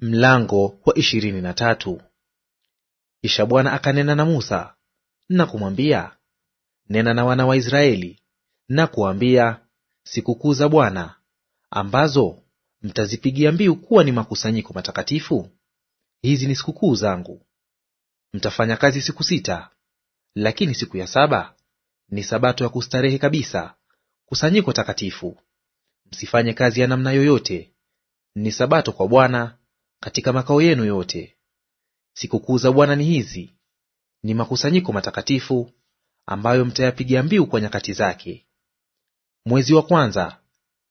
Mlango wa ishirini na tatu. Kisha Bwana akanena na Musa na kumwambia, nena na wana wa Israeli na kuwaambia, sikukuu za Bwana ambazo mtazipigia mbiu kuwa ni makusanyiko matakatifu, hizi ni sikukuu zangu. Mtafanya kazi siku sita, lakini siku ya saba ni sabato ya kustarehe kabisa, kusanyiko takatifu. Msifanye kazi ya namna yoyote, ni sabato kwa Bwana katika makao yenu yote. Sikukuu za Bwana ni hizi, ni makusanyiko matakatifu ambayo mtayapigia mbiu kwa nyakati zake. Mwezi wa kwanza,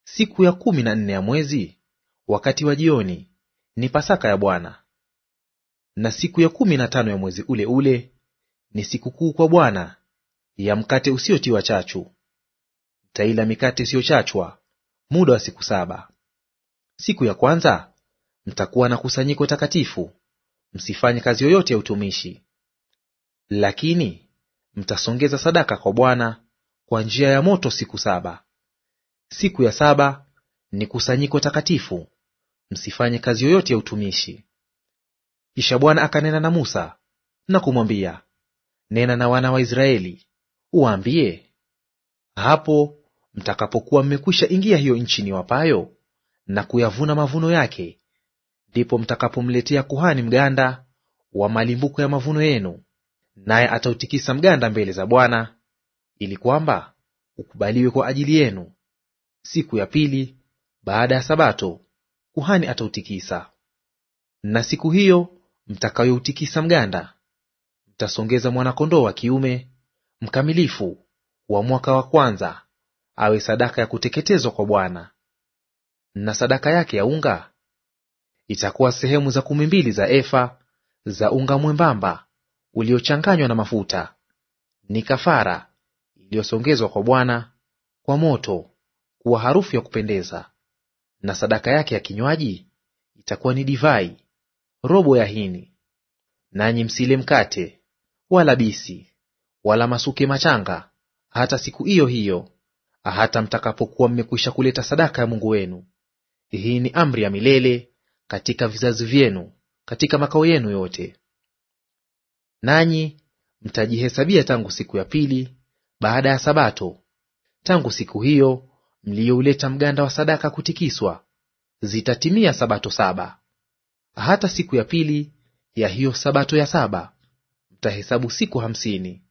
siku ya kumi na nne ya mwezi, wakati wa jioni, ni Pasaka ya Bwana. Na siku ya kumi na tano ya mwezi ule ule ni sikukuu kwa Bwana ya mkate usiotiwa chachu. Mtaila mikate isiyochachwa muda wa siku saba. Siku ya kwanza mtakuwa na kusanyiko takatifu, msifanye kazi yoyote ya utumishi. Lakini mtasongeza sadaka kwa Bwana kwa njia ya moto siku saba. Siku ya saba ni kusanyiko takatifu, msifanye kazi yoyote ya utumishi. Kisha Bwana akanena na Musa na kumwambia, nena na wana wa Israeli uwaambie, hapo mtakapokuwa mmekwisha ingia hiyo nchi niwapayo na kuyavuna mavuno yake, ndipo mtakapomletea kuhani mganda wa malimbuko ya mavuno yenu, naye atautikisa mganda mbele za Bwana ili kwamba ukubaliwe kwa ajili yenu. Siku ya pili baada ya Sabato kuhani atautikisa. Na siku hiyo mtakayoutikisa mganda, mtasongeza mwanakondoo wa kiume mkamilifu wa mwaka wa kwanza awe sadaka ya kuteketezwa kwa Bwana. Na sadaka yake ya unga Itakuwa sehemu za kumi mbili za efa za unga mwembamba uliochanganywa na mafuta; ni kafara iliyosongezwa kwa Bwana kwa moto, kuwa harufu ya kupendeza. Na sadaka yake ya kinywaji itakuwa ni divai robo ya hini. Nanyi msile mkate wala bisi wala masuke machanga hata siku hiyo hiyo, hata mtakapokuwa mmekwisha kuleta sadaka ya Mungu wenu. Hii ni amri ya milele katika vizazi vyenu, katika makao yenu yote. Nanyi mtajihesabia tangu siku ya pili baada ya Sabato, tangu siku hiyo mliyouleta mganda wa sadaka kutikiswa, zitatimia Sabato saba. Hata siku ya pili ya hiyo Sabato ya saba mtahesabu siku hamsini.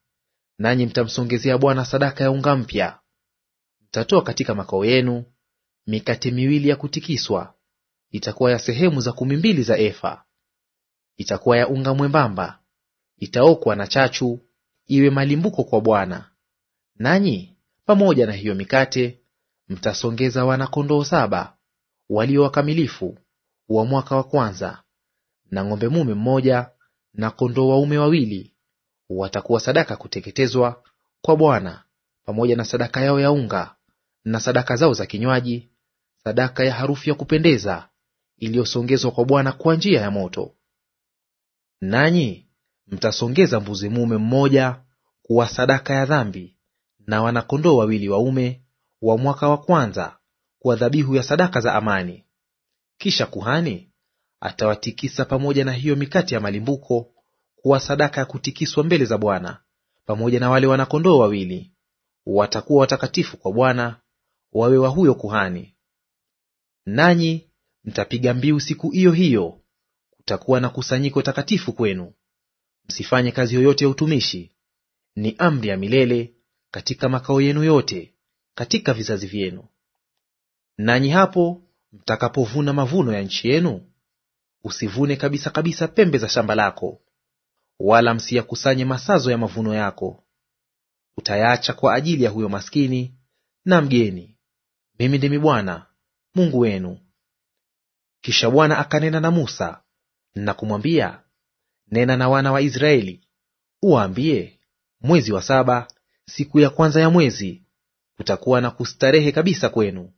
Nanyi mtamsongezea Bwana sadaka ya unga mpya. Mtatoa katika makao yenu mikate miwili ya kutikiswa itakuwa ya sehemu za kumi mbili za efa. Itakuwa ya unga mwembamba, itaokwa na chachu, iwe malimbuko kwa Bwana. Nanyi pamoja na hiyo mikate mtasongeza wana-kondoo saba walio wakamilifu wa mwaka wa kwanza, na ng'ombe mume mmoja na kondoo waume wawili, watakuwa sadaka kuteketezwa kwa Bwana, pamoja na sadaka yao ya unga na sadaka zao za kinywaji, sadaka ya harufu ya kupendeza iliyosongezwa kwa Bwana kwa njia ya moto. Nanyi mtasongeza mbuzi mume mmoja kuwa sadaka ya dhambi na wanakondoo wawili waume wa mwaka wa kwanza kuwa dhabihu ya sadaka za amani. Kisha kuhani atawatikisa pamoja na hiyo mikate ya malimbuko kuwa sadaka ya kutikiswa mbele za Bwana, pamoja na wale wanakondoo wawili. Watakuwa watakatifu kwa Bwana, wawe wa huyo kuhani. Nanyi Mtapiga mbiu siku hiyo hiyo, kutakuwa na kusanyiko takatifu kwenu. Msifanye kazi yoyote ya utumishi; ni amri ya milele katika makao yenu yote, katika vizazi vyenu. Nanyi hapo mtakapovuna mavuno ya nchi yenu, usivune kabisa kabisa pembe za shamba lako, wala msiyakusanye masazo ya mavuno yako. Utayaacha kwa ajili ya huyo maskini na mgeni. Mimi ndimi Bwana Mungu wenu kisha Bwana akanena na Musa na kumwambia, nena na wana wa Israeli uwaambie, mwezi wa saba, siku ya kwanza ya mwezi, kutakuwa na kustarehe kabisa kwenu;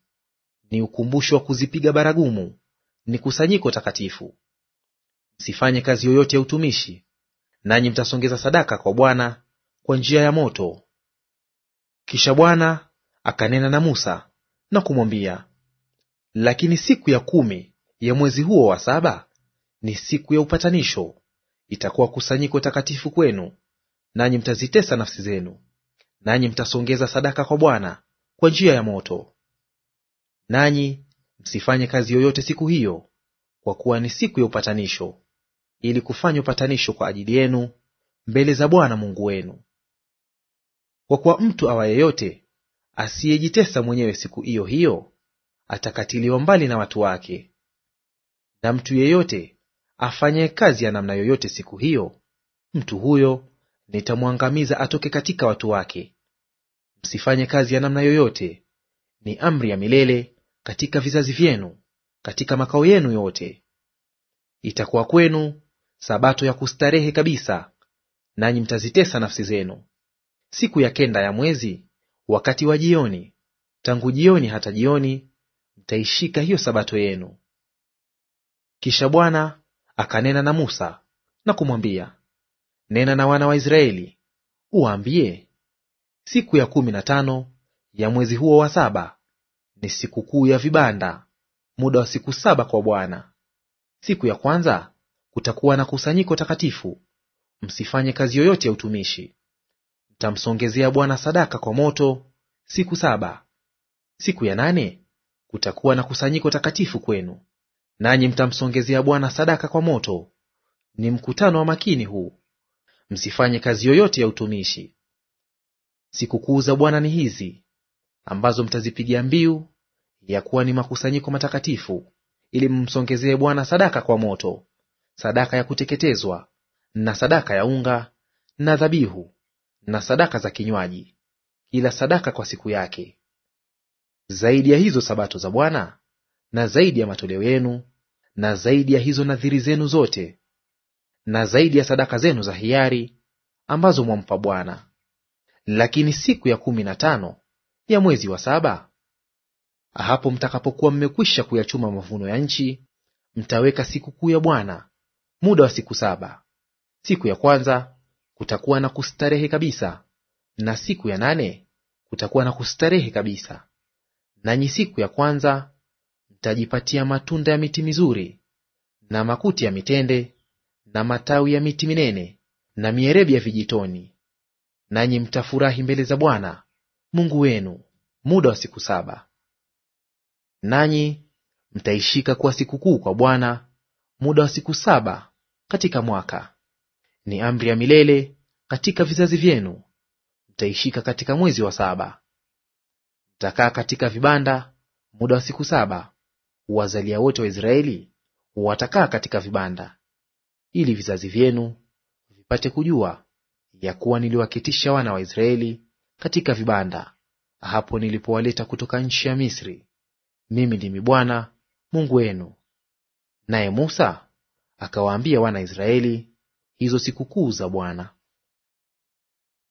ni ukumbusho wa kuzipiga baragumu, ni kusanyiko takatifu. Msifanye kazi yoyote ya utumishi, nanyi mtasongeza sadaka kwa Bwana kwa njia ya moto. Kisha Bwana akanena na Musa na kumwambia, lakini siku ya kumi ya mwezi huo wa saba ni siku ya upatanisho, itakuwa kusanyiko takatifu kwenu, nanyi mtazitesa nafsi zenu, nanyi mtasongeza sadaka kwa Bwana kwa njia ya moto. Nanyi msifanye kazi yoyote siku hiyo, kwa kuwa ni siku ya upatanisho, ili kufanya upatanisho kwa ajili yenu mbele za Bwana Mungu wenu. Kwa kuwa mtu awa yeyote asiyejitesa mwenyewe siku hiyo hiyo atakatiliwa mbali na watu wake na mtu yeyote afanyaye kazi ya namna yoyote siku hiyo, mtu huyo nitamwangamiza atoke katika watu wake. Msifanye kazi ya namna yoyote; ni amri ya milele katika vizazi vyenu, katika makao yenu yote. Itakuwa kwenu sabato ya kustarehe kabisa, nanyi mtazitesa nafsi zenu. Siku ya kenda ya mwezi, wakati wa jioni, tangu jioni hata jioni, mtaishika hiyo sabato yenu. Kisha Bwana akanena na Musa na kumwambia, nena na wana wa Israeli uwaambie, siku ya kumi na tano ya mwezi huo wa saba ni siku kuu ya vibanda, muda wa siku saba kwa Bwana. Siku ya kwanza kutakuwa na kusanyiko takatifu, msifanye kazi yoyote ya utumishi. Mtamsongezea Bwana sadaka kwa moto siku saba. Siku ya nane kutakuwa na kusanyiko takatifu kwenu nanyi mtamsongezea Bwana sadaka kwa moto. Ni mkutano wa makini huu, msifanye kazi yoyote ya utumishi. Sikukuu za Bwana ni hizi ambazo mtazipigia mbiu, ya kuwa ni makusanyiko matakatifu, ili mmsongezee Bwana sadaka kwa moto, sadaka ya kuteketezwa na sadaka ya unga na dhabihu na sadaka za kinywaji, kila sadaka kwa siku yake. Zaidi ya hizo sabato za Bwana na zaidi ya matoleo yenu na zaidi ya hizo nadhiri zenu zote, na zaidi ya sadaka zenu za hiari ambazo mwampa Bwana. Lakini siku ya kumi na tano ya mwezi wa saba, hapo mtakapokuwa mmekwisha kuyachuma mavuno ya nchi, mtaweka sikukuu ya Bwana muda wa siku saba. Siku ya kwanza kutakuwa na kustarehe kabisa, na siku ya nane kutakuwa na kustarehe kabisa. Nanyi siku ya kwanza Mtajipatia matunda ya miti mizuri na makuti ya mitende na matawi ya miti minene na mierebi ya vijitoni, nanyi mtafurahi mbele za Bwana Mungu wenu muda wa siku saba. Nanyi mtaishika kuwa sikukuu kwa Bwana muda wa siku saba katika mwaka; ni amri ya milele katika vizazi vyenu, mtaishika katika mwezi wa saba. Mtakaa katika vibanda muda wa siku saba wazalia wote wa Israeli watakaa katika vibanda, ili vizazi vyenu vipate kujua ya kuwa niliwaketisha wana wa Israeli katika vibanda, hapo nilipowaleta kutoka nchi ya Misri. Mimi ndimi Bwana Mungu wenu. Naye Musa akawaambia wana Israeli hizo sikukuu za Bwana.